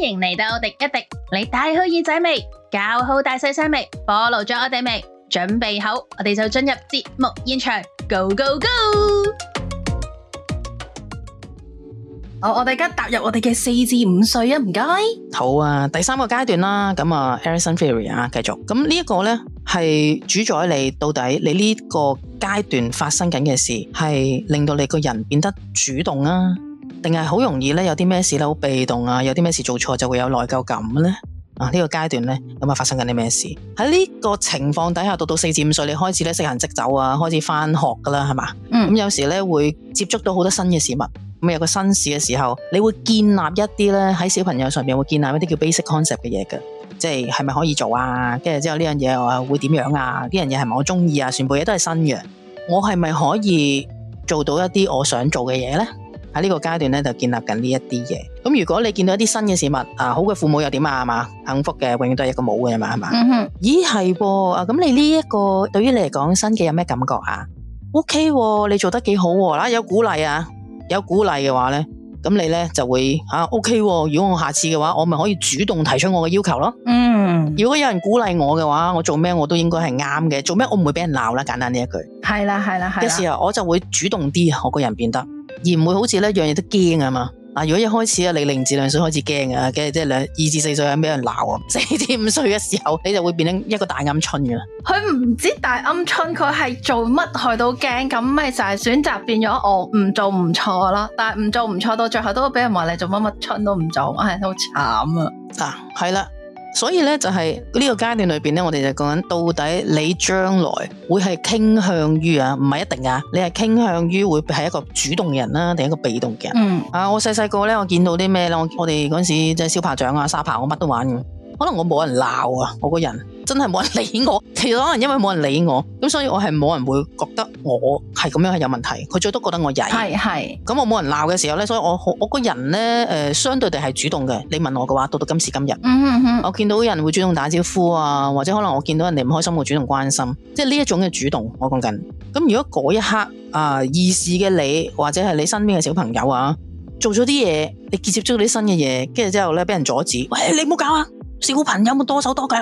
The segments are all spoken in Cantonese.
歡迎嚟到廸一廸，你帶好耳仔未？搞好大細聲未？暴露咗我哋未？準備好，我哋就進入節目現場，Go Go Go！好，我哋而家踏入我哋嘅四至五歲啊，唔該。好啊，第三個階段啦，咁啊，Erickson Theory 啊，繼續。咁呢一個咧係主宰你到底你呢個階段發生緊嘅事，係令到你個人變得主動啊。定係好容易咧？有啲咩事咧？好被動啊！有啲咩事做錯就會有內疚感咧？啊！這個、階呢個階段咧，咁啊，發生緊啲咩事？喺呢個情況底下，到到四至五歲，你開始咧識行識走啊，開始翻學噶啦，係嘛？咁、嗯嗯、有時咧會接觸到好多新嘅事物。咁、嗯、有個新事嘅時候，你會建立一啲咧喺小朋友上面會建立一啲叫 basic concept 嘅嘢嘅，即係係咪可以做啊？跟住之後呢樣嘢我係會點樣啊？呢樣嘢係咪我中意啊？全部嘢都係新嘅，我係咪可以做到一啲我想做嘅嘢咧？喺呢個階段咧，就建立緊呢一啲嘢。咁如果你見到一啲新嘅事物啊，好嘅父母又點啊？係嘛，幸福嘅永遠都係一個冇嘅嘛，係嘛。嗯哼，咦係噃啊！咁你呢一個對於你嚟講新嘅有咩感覺啊？O K，你做得幾好啦，有鼓勵啊，有鼓勵嘅話咧，咁你咧就會吓 O K。如果我下次嘅話，我咪可以主動提出我嘅要求咯。嗯，如果有人鼓勵我嘅話，我做咩我都應該係啱嘅。做咩我唔會俾人鬧啦？簡單呢一句。係啦係啦係啦。有嘅時候我就會主動啲，我個人變得。而唔會好似呢樣嘢都驚啊嘛，啊如果一開始啊你零至兩歲開始驚啊，嘅即係兩二至四歲俾人鬧啊，四至五歲嘅時候你就會變成一個大鵪鶉噶啦。佢唔知大鵪鶉佢係做乜害到驚，咁咪就係選擇變咗我唔做唔錯囉。但係唔做唔錯到最後都會俾人話你做乜乜春都唔做，唉好慘啊。嗱係啦。所以呢，就係呢個階段裏面咧，我哋就講緊到底你將來會係傾向於啊，唔係一定啊，你係傾向於會係一個主動嘅人啦、啊，定一個被動嘅人？嗯，啊，我細細個呢，我見到啲咩呢？我我哋嗰陣時候即係燒牌、掌啊、沙爬，我乜都玩。可能我冇人鬧啊，我個人真係冇人理我。其實可能因為冇人理我，咁所以我係冇人會覺得我。係咁樣係有問題，佢最多覺得我曳。係係，咁我冇人鬧嘅時候咧，所以我我個人咧，誒、呃、相對地係主動嘅。你問我嘅話，到到今時今日，嗯、哼哼我見到人會主動打招呼啊，或者可能我見到人哋唔開心，會主動關心，即係呢一種嘅主動。我講緊，咁如果嗰一刻啊，二視嘅你或者係你身邊嘅小朋友啊，做咗啲嘢，你接接觸咗啲新嘅嘢，跟住之後咧俾人阻止，喂，你唔好搞啊，小朋友冇多手多腳，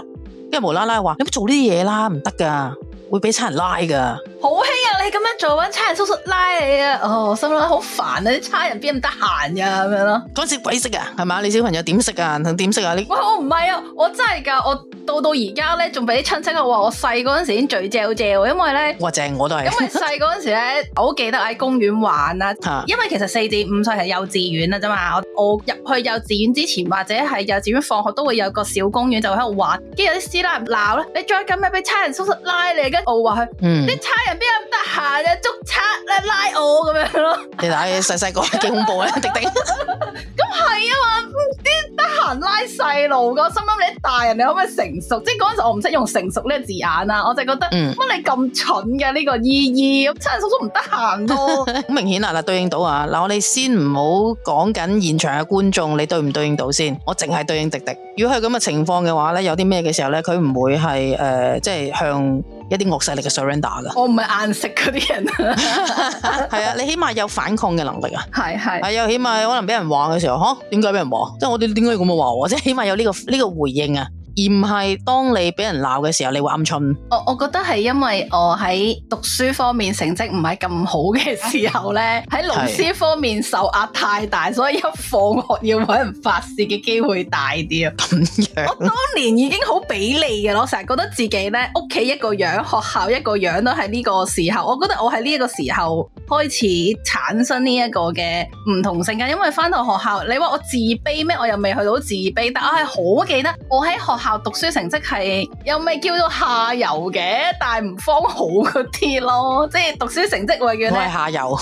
跟住無啦啦話你唔好做呢啲嘢啦，唔得噶。會俾差人拉噶，好興啊！你咁樣做，搵差人叔叔拉你啊！哦，心諗好煩啊！啲差人邊咁得閒呀？咁樣咯，嗰時鬼識啊，係嘛？你小朋友點識啊？同點識啊？你哇！我唔係啊，我真係噶，我到到而家咧，仲俾啲親戚我話我細嗰陣時已經最正好正喎，因為咧，我正我都係， 因為細嗰陣時咧，我好記得喺公園玩啦， 因為其實四至五歲係幼稚園啊啫嘛，我我入去幼稚園之前或者係幼稚園放學都會有個小公園就喺度玩，跟住有啲師奶鬧啦，你再咁咪俾差人叔叔拉你。我話佢，啲差人邊有咁得閒啫？捉賊啊，拉我咁樣咯。你拉細細個幾恐怖咧？迪迪！咁係啊嘛，啲得閒拉細路個心諗你大人你可唔可以成熟？即係嗰陣時我唔識用成熟呢個字眼啊，我就係覺得乜、嗯、你咁蠢嘅呢、呢個意義？差人叔叔唔得閒咯、啊，好 明顯啦嗱，對應到啊嗱，我哋先唔好講緊現場嘅觀眾，你對唔對應到先？我淨係對應迪迪。如果係咁嘅情況嘅話咧，有啲咩嘅時候咧，佢唔會係誒、呃，即係向。一啲惡勢力嘅 surrender 㗎，我唔係硬食嗰啲人， 係 啊，你起碼有反抗嘅能力啊， 係是係、啊啊，起碼可能俾人話嘅時候，點解俾人話？即係我哋點解要咁嘅話？即係起碼有呢個呢個回應啊。而唔係當你俾人鬧嘅時候，你會暗春。我我覺得係因為我喺讀書方面成績唔係咁好嘅時候咧，喺 老師方面受壓太大， 的所以一放學要揾人發泄嘅機會大啲啊。咁 這樣，我當年已經好俾例嘅咯，成日覺得自己咧屋企一個樣，學校一個樣，都係呢個時候。我覺得我喺呢個時候開始產生呢一個嘅唔同性格，因為翻到學校，你話我自卑咩？我又未去到自卑，但我係好記得我喺學校。考讀書成績係又咪叫做下游嘅，但係唔方好嗰啲咯，即係讀書成績永遠下游，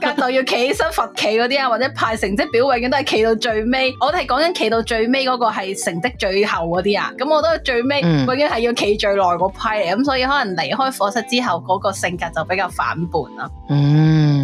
跟住又要企起身罰企嗰啲啊，或者派成績表永遠都係企到最尾。我哋係講緊企到最尾嗰個係成績最後嗰啲啊，咁我都係最尾，永遠係要企最耐嗰批嚟，咁所以可能離開課室之後，嗰個性格就比較反叛啦。嗯。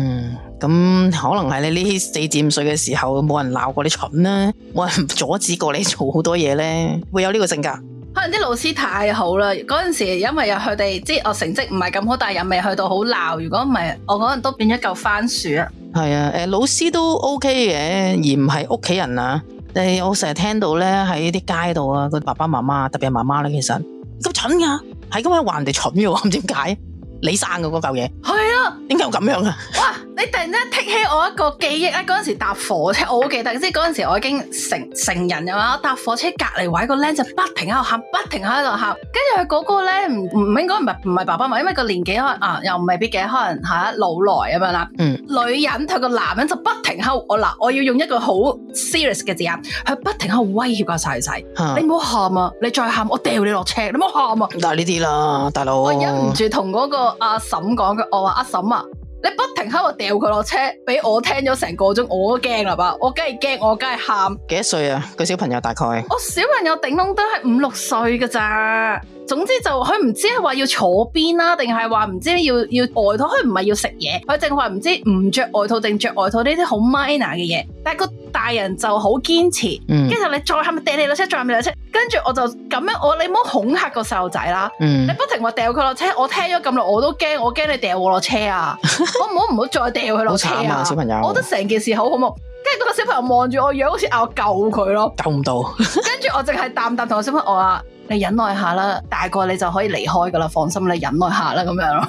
咁可能係你呢四至五歲嘅時候冇人鬧過你蠢啦，冇人阻止過你做好多嘢咧，會有呢個性格。可能啲老師太好啦，嗰陣時因為又佢哋即係我成績唔係咁好，但係又未去到好鬧。如果唔係，我可能都變咗嚿番薯啊。係啊，誒，老師都 OK 嘅，而唔係屋企人啊。誒、呃，我成日聽到咧喺啲街度啊，個爸爸媽媽，特別係媽媽啦，其實咁蠢啊，係咁樣話人哋蠢嘅，啊，唔知點解你生嘅嗰嚿嘢。係啊，點解咁樣啊？哇你突然間剔起我一個記憶，啊，嗰陣搭火車，我好記得，即係嗰陣我已經成成人咁搭火車，隔籬位個僆仔不停喺度喊，不停喺度喊，跟住佢嗰個咧唔唔應該唔係爸爸嘛，因為個年紀可能又唔未必嘅，可能吓、啊、老來咁樣啦。嗯、女人同個男人就不停喺度，我嗱，我要用一個好 serious 嘅字眼，去不停喺度威脅個細細，不小小嗯、你唔好喊啊，你再喊我掉你落車，你唔好喊啊。嗱呢啲啦，大佬，我忍唔住同嗰個阿嬸講嘅，我話阿嬸啊。你不停喺度掉佢落車，俾我聽咗成個鐘，我都驚啦吧？我梗係驚，我梗係喊。幾多歲啊？個小朋友大概？我小朋友頂籠都係五六歲噶咋？總之就佢唔知係話要坐邊啦、啊，定係話唔知要要外套，佢唔係要食嘢，佢淨話唔知唔着外套定着外套呢啲好 minor 嘅嘢。但係個大人就好堅持，跟住、嗯、你再係咪掟你落車，再係咪落車？跟住我就咁樣，我你唔好恐嚇個細路仔啦，嗯、你不停話掉佢落車，我聽咗咁耐我都驚，我驚你掉我落車啊！ 我唔好唔好再掉佢落車啊， 啊！小朋友。我覺得成件事好恐怖，跟住嗰個小朋友望住我樣，好似嗌我救佢咯，救唔不到。跟 住我淨係淡淡同個小朋友話。你忍耐下啦，大個你就可以離開噶啦，放心，你忍耐下啦，咁樣咯。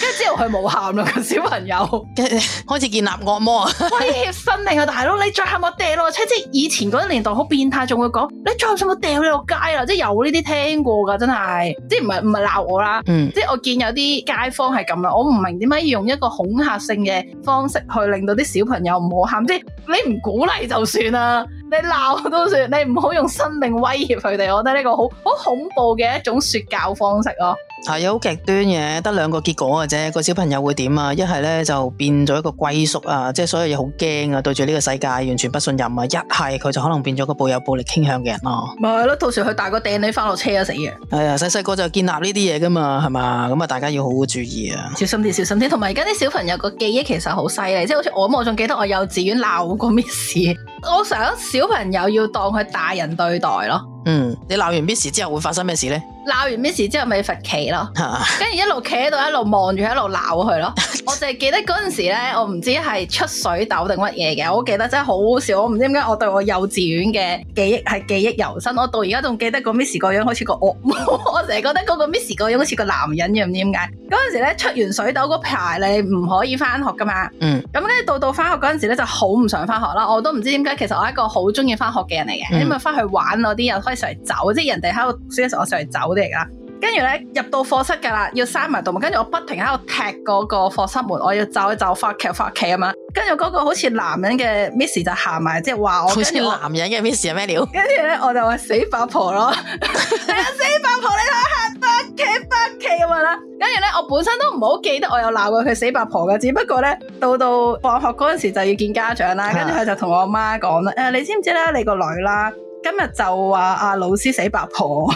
跟 住之後佢冇喊啦，個小朋友 開始建立按摩， 威脅生命啊，但係你再喊我掟落車，即係以前嗰啲年代好變態，仲會講你再喊我掟你落街啦，即係有呢啲聽過噶，真係，即係唔係唔係鬧我啦，嗯、即係我見有啲街坊係咁啦，我唔明點解要用一個恐嚇性嘅方式去令到啲小朋友唔好喊，即係你唔鼓勵就算啦。你鬧都算，你唔好用生命威脅佢哋，我覺得呢個好好恐怖嘅一種說教方式咯。係好極端嘅，得兩個結果嘅啫。個小朋友會點啊？一係咧就變咗一個歸宿啊，即係所有嘢好驚啊，對住呢個世界完全不信任啊。一係佢就可能變咗個抱有暴力傾向嘅人咯。咪係咯，到時佢大個掟你翻落車啊死啊！係啊，細細個就建立呢啲嘢噶嘛，係嘛？咁啊，大家要好好注意啊！小心啲，小心啲。同埋而家啲小朋友個記憶其實好犀利，即係好似我，我仲記得我幼稚園鬧過 Miss。我成日小朋友要當佢大人對待咯。嗯，你鬧完咩事之後會發生咩事咧？鬧完 Miss 之後咪罰企咯，跟住一路企喺度，一路望住，一路鬧佢咯。我淨係記得嗰陣時咧，我唔知係出水痘定乜嘢嘅，我記得真係好笑。我唔知點解我對我幼稚園嘅記憶係記憶猶新，我到而家仲記得個 Miss 個樣，好似個惡魔。 我成日覺得嗰個 Miss 個樣好似個男人樣，唔知點解。嗰陣時咧出完水痘嗰排，你唔可以翻學噶嘛。咁跟住到到翻學嗰陣時咧，就好唔想翻學啦。我都唔知點解，其實我係一個好中意翻學嘅人嚟嘅，因為翻去玩嗰啲又可以上嚟走，即係人哋喺度，所以我上嚟走。嚟啦！跟住咧入到課室噶啦，要閂埋道門。跟住我不停喺度踢嗰個課室門，我要走一走，發奇發奇咁嘛。跟住嗰個好似男人嘅 Miss 就行埋，即係話我好似男人嘅 Miss 係咩料？跟住咧我就話死八婆咯，死八婆， 死八婆你睇下，發奇發奇咁樣啦。跟住咧我本身都唔好記得我有鬧過佢死八婆噶，只不過咧到到放學嗰陣時就要見家長啦。跟住佢就同我阿媽講啦：誒、啊啊，你知唔知啦？你個女啦，今日就話阿、啊、老師死八婆。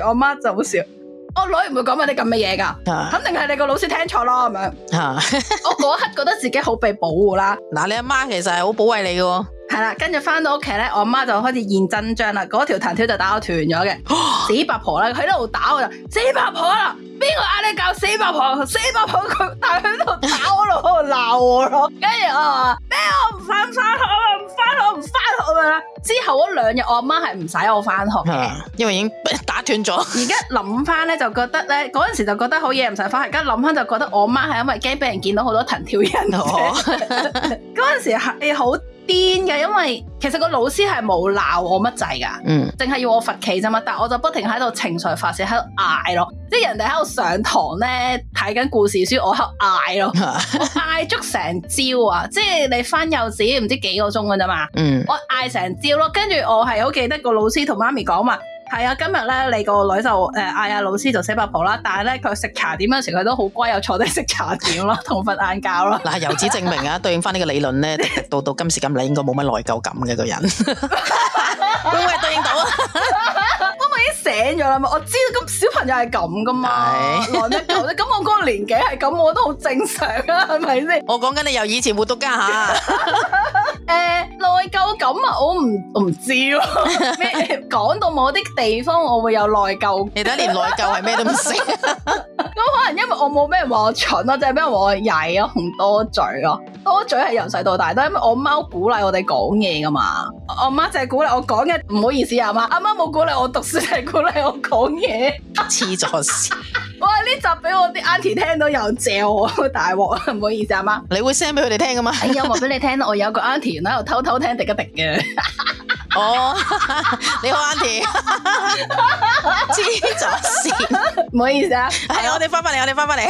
我媽就好笑，我女唔會講埋啲咁嘅嘢噶，啊、肯定係你個老師聽錯咯咁樣。啊、我嗰刻覺得自己好被保護啦。嗱、啊，你阿媽其實係好保衛你嘅、哦，係啦。跟住翻到屋企咧，我阿媽就開始現真章啦。嗰條藤條就打我斷咗嘅，死八婆啦！佢喺度打我，死八婆啦！邊個嗌你教死八婆？死八婆佢喺度打我咯，鬧、啊、我咯。跟住我話咩？ 我唔翻學啊！唔翻學唔翻學咪啦！之後嗰兩日，我阿媽係唔使我翻學嘅，因為已經打斷咗。而家諗翻咧，就覺得咧，嗰陣時就覺得好嘢，唔使翻，而家諗翻就覺得我阿媽係因為驚俾人見到好多藤條人同我。嗰陣、哦、 時係好癲嘅，因為其實個老師係冇鬧我乜滯噶，嗯，淨係要我罰企咋嘛，但係我就不停喺度情緒發洩，喺度嗌咯，即係人哋喺度上堂咧，睇緊故事書，我喺度嗌咯，嗌足成朝啊！即係你翻幼稚唔知幾個鐘㗎咋嘛，嗯、我嗌成朝。跟住我係好記得個老師同媽咪講話，係啊，今日咧你個女就誒嗌阿老師就死八婆啦，但係咧佢食茶點嗰時佢都好乖，又坐低食茶點咯，同瞓晏覺咯。嗱，由此證明啊，對應翻呢個理論咧，滴滴到到今時今日應該冇乜內疚感嘅，這個人，會唔會對應到啊？ 我咪已經醒咗啦嘛，我知咁小朋友係咁噶嘛，耐得到啫。咁我嗰個年紀係咁，我都好正常啊，係咪先？ 我講緊你由以前活到家下。哈哈」誒，內、欸、疚感啊，我唔唔知咯。講 到某啲地方，我會有內疚。你 哋連內疚係咩都唔識。咁 可能因為我冇咩人話我蠢啊，即係咩人話我曳啊，同多嘴咯。多嘴係由細到大，都係因為我媽鼓勵我哋講嘢噶嘛。我媽淨係鼓勵我講嘢，唔好意思阿、啊、媽，阿媽冇鼓勵我，我讀書，淨係鼓勵我講嘢。黐咗屎。 呢集俾我啲 auntie 聽到又謝我 大鑊啊，唔好意思啊媽，你會 send 俾佢哋聽噶嘛？有話俾你聽，我有個 auntie 喺度偷偷聽廸一廸嘅。哦，你好 auntie，黐咗線，唔好意思啊。係我哋翻返嚟，我哋翻返嚟。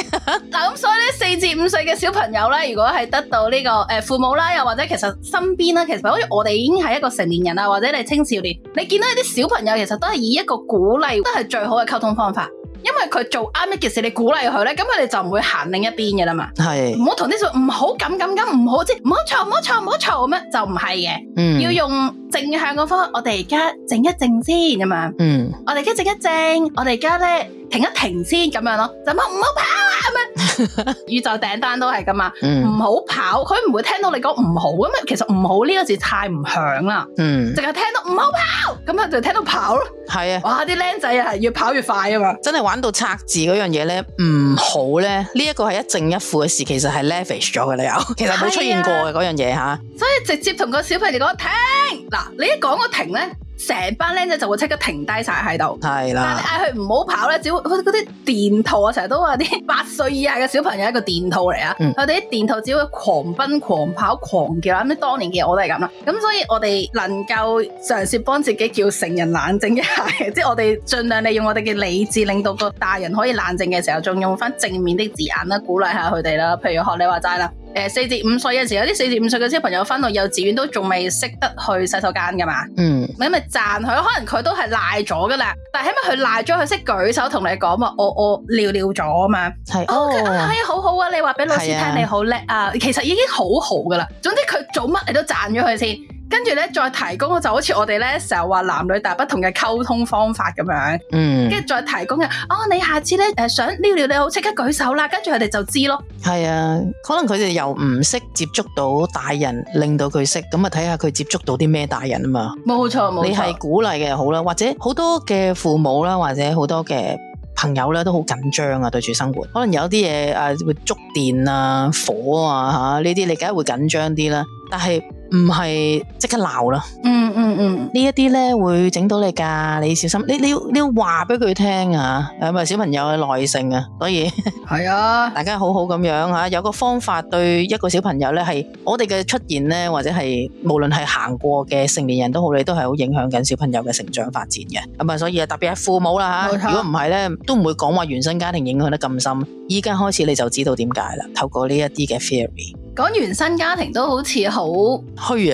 嗱，咁所以咧，四至五歲嘅小朋友咧，如果係得到呢個誒父母啦，又或者其實身邊啦，其實好似我哋已經係一個成年人啊，或者你係青少年，你見到啲小朋友其實都係以一個鼓勵都係最好嘅溝通方法。因為佢做啱一件事，你鼓勵佢咧，咁佢哋就唔會行另一邊嘅啦嘛。係是，唔好同啲說唔好咁咁咁，唔好即係唔好嘈唔好嘈唔好嘈咩？就唔係嘅。嗯，要用正向嘅方法。我哋而家靜一靜先咁樣。嗯，我哋而家靜一靜，我哋而家咧停一停先咁樣咯。就唔好，唔好怕。係咩？ 宇宙訂單都係噶嘛？唔好、嗯、跑，佢唔會聽到你講唔好咁啊。因為其實唔好呢個字太唔響啦。嗯，淨係聽到唔好跑，咁啊就聽到跑咯。係啊的，哇！啲僆仔係越跑越快啊嘛。真係玩到拆字嗰樣嘢咧，唔好咧呢一、這個係一正一負嘅事，其實係 lavish 咗嘅理由。其實冇出現過嘅嗰的樣嘢吓，啊、所以直接同個小朋友講停嗱，你一講個停咧。停成班僆仔就會即刻停低晒喺度，係啦的。但係嗌佢唔好跑咧，只會嗰啲電套啊，成日都話啲八歲以下嘅小朋友一個電兔嚟啊。佢哋啲電兔只會狂奔、狂跑、狂叫，咁啲當年嘅我都係咁啦。咁所以我哋能夠嘗試幫自己叫成人冷靜一下，即係 我哋盡量利用我哋嘅理智，令到個大人可以冷靜嘅時候，仲用翻正面的字眼啦，鼓勵下佢哋啦。譬如學你話齋啦。誒，四至五歲嘅時候，啲四至五歲嘅小朋友返到幼稚園都仲未識得去洗手間㗎嘛？嗯，咪咪讚佢咯。可能佢都係賴咗㗎啦。但係起碼佢賴咗，佢識舉手同你講話，我我尿尿咗啊嘛。係是 Okay, 哦，係、哎、好好啊！你話俾老師聽、啊、你好叻啊，其實已經好好㗎啦。總之佢做乜你都讚咗佢先。跟住咧，再提供就好似我哋咧成日話男女大不同嘅溝通方法咁樣，嗯，跟住再提供嘅，哦，你下次咧誒想撩撩你好，即刻舉手啦，跟住佢哋就知咯。係啊，可能佢哋又唔識接觸到大人，令到佢識咁啊，睇下佢接觸到啲咩大人啊嘛。冇錯，冇錯。你係鼓勵嘅好啦，或者好多嘅父母啦，或者好多嘅朋友咧，都好緊張啊，對住生活，可能有啲嘢啊會觸電啊火啊吓，呢啲你梗係會緊張啲啦，但係。唔係即刻鬧啦，嗯嗯嗯，呢一啲咧會整到你噶，你小心，你你要你要話俾佢聽啊，係咪小朋友嘅耐性啊，所以係啊，大家好好咁樣嚇，有個方法對一個小朋友咧係我哋嘅出現咧，或者係無論係行過嘅成年人都好，你都係好影響緊小朋友嘅成長發展嘅，係咪？所以啊，特別係父母啦嚇，如果唔係咧，都唔會講話原生家庭影響得咁深。依家開始你就知道點解啦，透過呢一啲嘅 theory。講原生家庭都好似好虛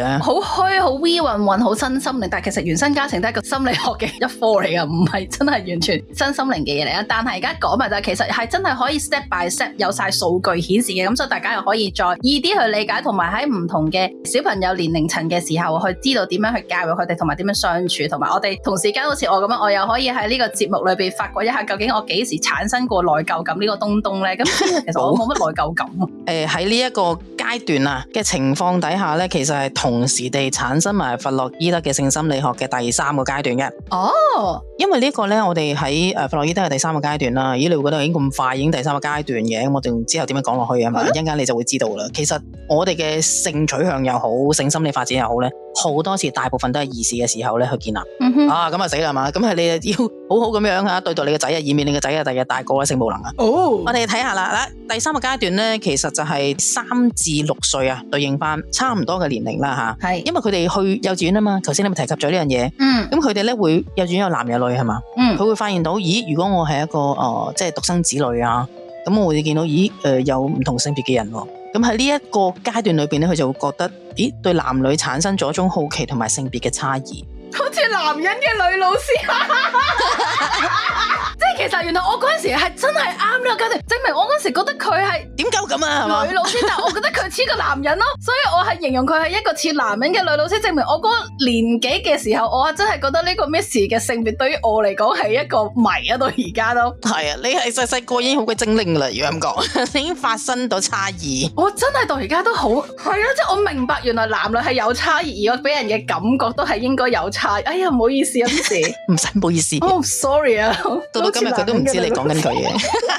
嘅，好虛好 we 運運好身心靈，但係其實原生家庭都係一個心理學嘅一科嚟噶，唔係真係完全身心靈嘅嘢嚟。啊。但係而家講埋就係，其實係真係可以 step by step 有晒數據顯示嘅，咁所以大家又可以再易啲去理解，同埋喺唔同嘅小朋友年齡層嘅時候，去知道點樣去教育佢哋，同埋點樣相處，同埋我哋同時間好似我咁樣，我又可以喺呢個節目裏邊發掘一下，究竟我幾時產生過內疚感呢個東東咧？咁其實我冇乜內疚感 欸。誒，喺呢一個。階段啊嘅情況底下咧，其實係同時地產生埋佛洛伊德嘅性心理學嘅第三個階段嘅。哦，oh, 因為個呢個咧，我哋喺誒佛洛伊德嘅第三個階段啦。咦，你會覺得已經咁快已經第三個階段嘅？咁我哋之後點樣講落去啊？嘛、mm.，一陣間你就會知道啦。其實我哋嘅性取向又好，性心理發展又好咧。好多時大部分都係二世嘅時候咧去見、嗯、哼啊，啊咁啊死啦嘛，咁係你要好好咁樣啊對待你個仔啊，以免你個仔啊第日大個咧性無能啊。哦，我哋睇下啦，嗱，第三個階段咧，其實就係三至六歲啊，對應翻差唔多嘅年齡啦吓。係是，因為佢哋去幼稚園啊嘛，頭先你咪提及咗呢樣嘢。嗯。咁佢哋咧會幼稚園有男有女係嘛？嗯。佢會發現到，咦？如果我係一個誒、呃，即係獨生子女啊，咁我會見到咦？誒、呃，有唔同性別嘅人,人。咁喺呢一個階段裏面呢，咧，佢就會覺得，咦，對男女產生咗一種好奇同埋性別嘅差異，好似男人嘅女老師。 其實原來我嗰陣時係真係啱呢個家庭證明我嗰陣時覺得佢係點解咁啊？係女老師，但係我覺得佢似個男人咯， 所以我係形容佢係一個似男人嘅女老師。證明我嗰個年紀嘅時候，我係真係覺得呢個 Miss 嘅性別對於我嚟講係一個迷啊！到而家都係啊，你係細細個已經好鬼精靈噶啦，如果咁講，你已經發生到差異。我真係到而家都好係啊，即係我明白原來男女係有差異，而我俾人嘅感覺都係應該有差異。哎呀，唔好意思啊，Miss，唔使唔好意思、oh，，sorry 啊， 到到今 佢都唔知你講緊佢嘢，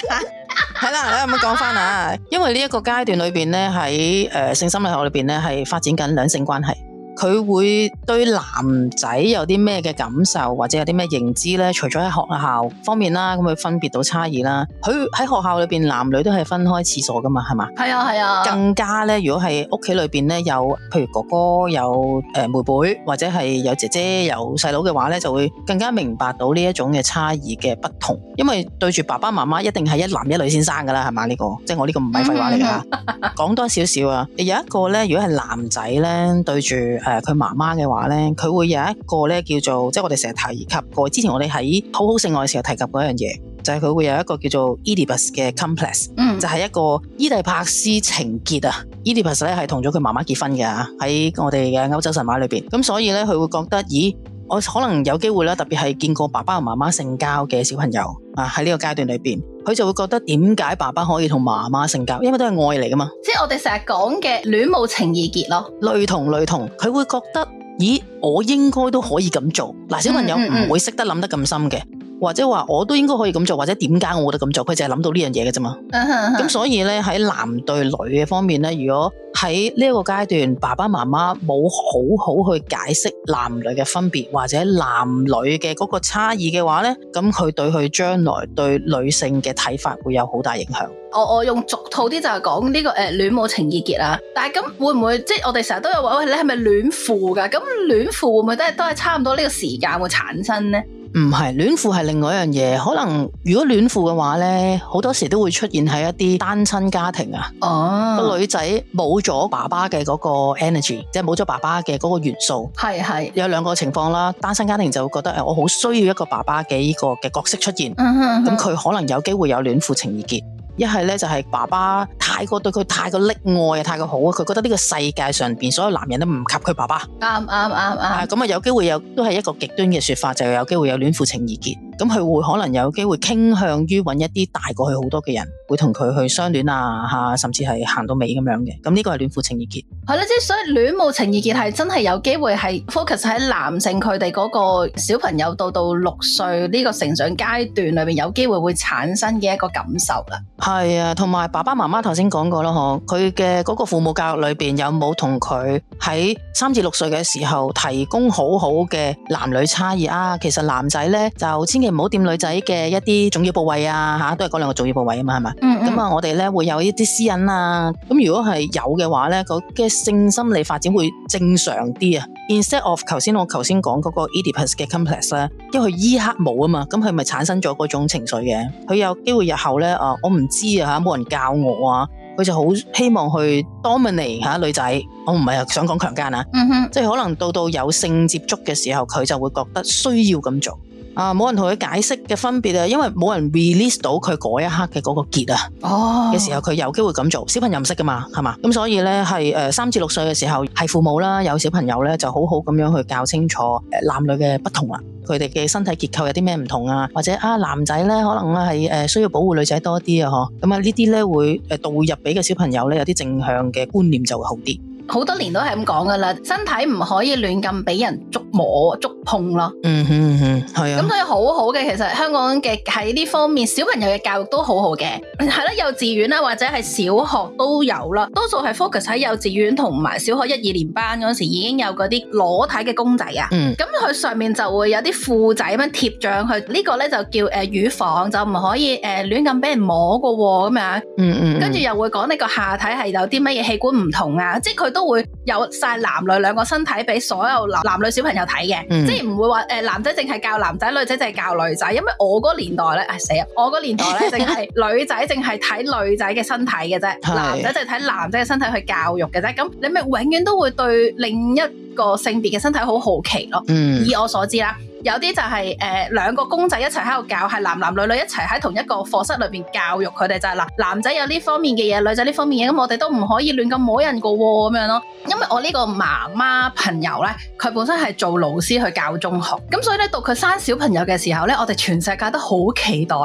哈哈，係啦，你有冇講返啊？因為呢一個階段裏邊咧，喺誒性心理學裏邊咧，係發展緊兩性關係。佢會對男仔有啲咩嘅感受，或者有啲咩認知呢？除咗喺學校方面啦，咁佢分別到差異啦。佢喺學校裏邊，男女都係分開廁所噶嘛，係嘛？係啊，係啊。更加呢，如果係屋企裏邊呢，有譬如哥哥有誒妹妹，或者係有姐姐有細佬嘅話呢，就會更加明白到呢一種嘅差異嘅不同。因為對住爸爸媽媽，一定係一男一女先生噶啦，係嘛？呢、呢個即係我呢個唔係廢話嚟噶，講、嗯、 多少少啊。有一個呢，如果係男仔呢，對住。誒，佢媽媽嘅話咧，佢會有一個咧叫做，即係我哋成日提及過，之前我哋喺好好性愛嘅時候提及嗰樣嘢，就係佢會有一個叫做伊底帕斯嘅 complex，、嗯、就係一個伊底帕斯情結啊。伊底帕斯咧係同咗佢媽媽結婚嘅，喺我哋嘅歐洲神話裏邊。咁所以咧，佢會覺得，咦，我可能有機會咧，特別係見過爸爸同媽媽性交嘅小朋友。啊！喺呢個階段裏邊，佢就會覺得點解爸爸可以同媽媽性交？因為都係愛嚟噶嘛。即係我哋成日講嘅戀母情意結咯，類同類同，佢會覺得，咦，我應該都可以咁做。嗱、嗯嗯嗯，小朋友唔會識得諗得咁深嘅。或者話我都應該可以咁做，或者點解我冇得咁做？佢就係諗到呢樣嘢嘅啫嘛。咁 所以咧喺男對女嘅方面咧，如果喺呢一個階段，爸爸媽媽冇好好去解釋男女嘅分別或者男女嘅嗰個差異嘅話咧，咁佢對佢將來對女性嘅睇法會有好大影響。我我用俗套啲就係講呢個誒戀、呃、母情意結啦、啊。但係咁會唔會即係我哋成日都有話喂你係咪戀父噶？咁戀父會唔會都係都係差唔多呢個時間會產生咧？唔係戀父係另外一樣嘢，可能如果戀父嘅話呢，好多時都會出現喺一啲單親家庭啊。哦，個女仔冇咗爸爸嘅嗰個 energy，即係冇咗爸爸嘅嗰個元素。係係是有兩個情況啦，單親家庭就會覺得誒，我好需要一個爸爸嘅呢個嘅角色出現。咁佢、mm hmm. 可能有機會有戀父情意結。一係咧就係、是、爸爸太過對佢太過溺愛，太過好啊，佢覺得呢個世界上邊所有男人都唔及佢爸爸。咁、嗯嗯嗯嗯、有機會有都係一個極端嘅説法，就有機會有戀父情意結。咁佢會可能有機會傾向於揾一啲大過佢好多嘅人，會同佢去相戀啊，吓、啊、甚至係行到尾咁樣嘅。咁呢個係戀父情意結，係啦、 啊，即係所以戀母情意結係真係有機會係 focus 喺男性佢哋嗰個小朋友到到六歲呢個成長階段裏面，有機會會產生嘅一個感受啦。係啊，同埋爸爸媽媽頭先講過啦，嗬，佢嘅嗰個父母教育裏邊有冇同佢喺三至六歲嘅時候提供好好嘅男女差異啊？其實男仔呢，就千祈。唔好掂女仔嘅一啲重要部位啊，吓、啊、都係嗰兩個重要部位啊嘛，係嘛？咁啊、mm hmm. 嗯，我哋咧會有一啲私隱啊。咁、嗯、如果係有嘅話咧，佢、那、嘅、個、性心理發展會正常啲啊。Instead of 頭先我頭先講嗰個 Oedipus 嘅 complex 咧，因為依刻冇啊嘛，咁佢咪產生咗嗰種情緒嘅。佢有機會日後咧啊，我唔知啊吓，冇人教我啊，佢就好希望去 dominate 吓、啊、女仔。我唔係啊，想講強奸啊，嗯哼、mm，hmm. 即係可能到到有性接觸嘅時候，佢就會覺得需要咁做。啊！冇人同佢解釋嘅分別啊，因為冇人 release 到佢嗰一刻嘅嗰個結啊。哦，嘅時候佢有機會咁做，小朋友唔識噶嘛，係嘛？咁所以呢，係誒三至六歲嘅時候，係父母啦，有小朋友呢就好好咁樣去教清楚誒、呃、男女嘅不同啊，佢哋嘅身體結構有啲咩唔同啊，或者啊男仔呢可能啊係、呃、需要保護女仔多啲啊呵，咁啊呢啲呢，會誒導入俾個小朋友呢，有啲正向嘅觀念就會好啲。好多年都係咁講噶啦，身體唔可以亂咁俾人觸摸觸碰咯。嗯嗯、啊、嗯，係啊。咁所以好好嘅，其實香港嘅喺呢方面小朋友嘅教育都好好嘅，係、嗯、啦，幼稚園啦或者係小學都有啦，多數係 focus 喺幼稚園同埋小學一二年班嗰時已經有嗰啲裸體嘅公仔啊。咁佢、嗯嗯嗯、上面就會有啲褲仔咁樣貼上去，呢、這個咧就叫誒、呃、乳房，就唔可以誒、呃、亂咁俾人摸噶喎、哦，咁樣。跟住、嗯嗯嗯、又會講呢個下體係有啲乜嘢器官唔同啊，即係佢都。都會有晒男女兩個身體俾所有男男女小朋友睇嘅，嗯、即係唔會話誒男仔淨係教男仔，女仔淨係教女仔，因為我嗰年代咧，哎，死啊！我嗰年代咧，淨係女仔淨係睇女仔嘅身體嘅啫， 男仔淨係睇男仔嘅身體去教育嘅啫。咁你咪永遠都會對另一個性別嘅身體好好奇咯。嗯、以我所知啦。有啲就係、是、誒、呃、兩個公仔一齊喺度教，係男男女女一齊喺同一個課室裏邊教育佢哋就係、是、嗱，男仔有呢方面嘅嘢，女仔呢方面嘢，咁、嗯、我哋都唔可以亂咁摸人噶喎，咁樣咯，哦。因為我呢個媽媽朋友咧，佢本身係做老師去教中學，咁所以咧到佢生小朋友嘅時候咧，我哋全世界都好期待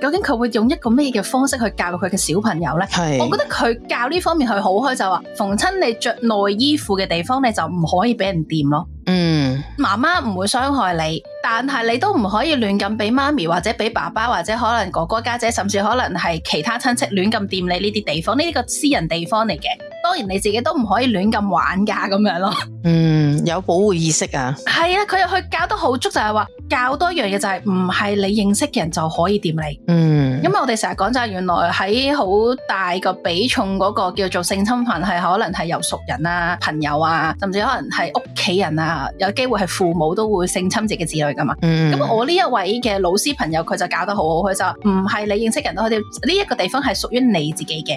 究竟佢會用一個咩嘅方式去教育佢嘅小朋友咧。係是，我覺得佢教呢方面佢好開心啊。逢親你着內衣褲嘅地方你就唔可以俾人掂咯。嗯。媽媽唔會傷害你，但係你都唔可以亂咁俾媽咪或者俾爸爸或者可能哥哥家姐，姐，甚至可能係其他親戚亂咁掂你呢啲地方，呢個私人地方嚟嘅。當然你自己都唔可以亂咁玩噶咁樣咯。嗯，有保護意識啊，係啊，佢又去教得好足，就係、是、話教多一樣嘢、就是，就係唔係你認識嘅人就可以掂你。嗯，咁啊，我哋成日講就係原來喺好大個比重嗰個叫做性侵犯係可能係由熟人啊、朋友啊，甚至可能係屋企人啊，有機會係父母都會性侵自己子女噶嘛。咁、嗯、我呢一位嘅老師朋友佢就教得好好，佢就唔係你認識人都可以，呢、這、一個地方係屬於你自己嘅。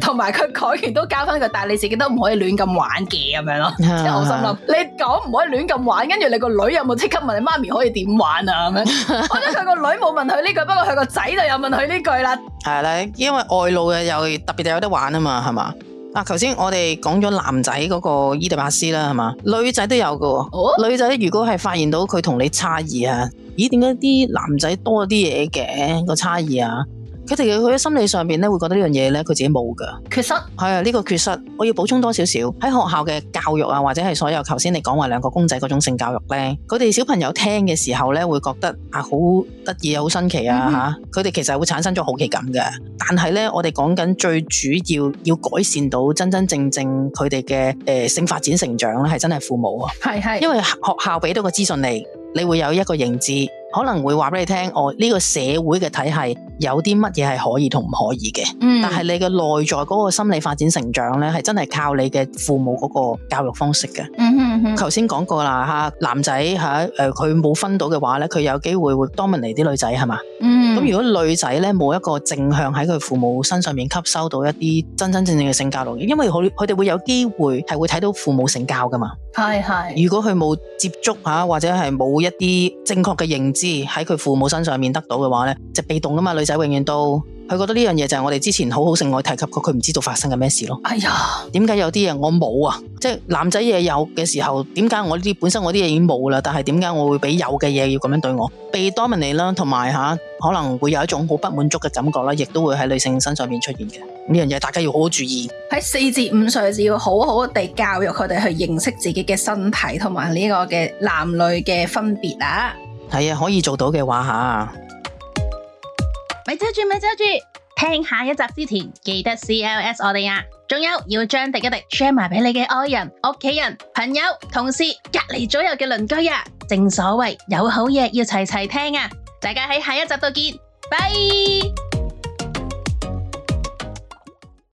同埋佢改完都交翻佢，但係你自己都唔可以亂咁玩嘅咁樣咯。 嗯、你講唔可以亂咁玩，跟住你個女有冇即刻問你媽咪可以點玩啊？咁樣， 我諗佢個女冇問佢呢句，不過佢個仔就有問佢呢句啦。係啦，因為外路嘅又特別有得玩啊嘛，係嘛。嗱，頭先我哋講咗男仔嗰個伊底帕斯啦，係嘛，女仔都有噶。Oh? 女仔如果係發現到佢同你差異啊，咦？點解啲男仔多啲嘢嘅個差異啊？佢哋佢喺心理上面咧，會覺得呢樣嘢咧，佢自己冇噶缺失，係啊，呢、哎呢個缺失我要補充多少少喺學校嘅教育啊，或者係所有頭先你講話，兩個公仔嗰種性教育咧，佢哋小朋友聽嘅時候咧，會覺得啊好得意啊，好新奇啊，吓，佢哋，嗯、哼其實會產生咗好奇感嘅。但係咧，我哋講緊最主要要改善到真真正正佢哋嘅，誒性發展成長咧，係真係父母啊，係係是，因為學校俾到個資訊嚟，你會有一個認知。可能會話俾你聽，我、哦、呢、這個社會嘅體系有啲乜嘢係可以同唔可以嘅？嗯、但係你嘅內在嗰個心理發展成長呢，係真係靠你嘅父母嗰個教育方式嘅。嗯哼，嗯哼，頭先講過啦，嚇，男仔，嚇，誒佢冇分到嘅話呢，佢有機會會 dominate 啲女仔係嘛？嗯，咁如果女仔呢，冇一個正向喺佢父母身上面吸收到一啲真真正正嘅性教育，因為佢佢哋會有機會係會睇到父母性教，噶嘛。係係，如果佢冇接觸或者係冇一啲正確嘅認知喺佢父母身上面得到嘅話咧，就被動㗎嘛，女仔永遠都。佢覺得呢樣嘢就係我哋之前好好性愛提及過，佢唔知道發生緊咩事咯。哎呀，點解有啲嘢我冇啊？即係男仔嘢有嘅時候，點解我呢啲本身我啲嘢已經冇啦？但係點解我會俾有嘅嘢要咁樣對我？被 dominate 啦，同埋吓，可能會有一種好不滿足嘅感覺啦，亦都會喺女性身上面出現嘅。呢樣嘢大家要好好注意。喺四至五歲就要好好地教育佢哋去認識自己嘅身體同埋呢個嘅男女嘅分別啊。係啊，可以做到嘅話吓。啊咪遮住，咪遮住，聽下一集之前記得 C L S 我哋啊，仲有要將廸一廸 share 埋俾你嘅愛人、屋企人、朋友、同事、隔籬左右嘅鄰居啊。正所謂有好嘢要齊齊聽啊！大家喺下一集度見，拜。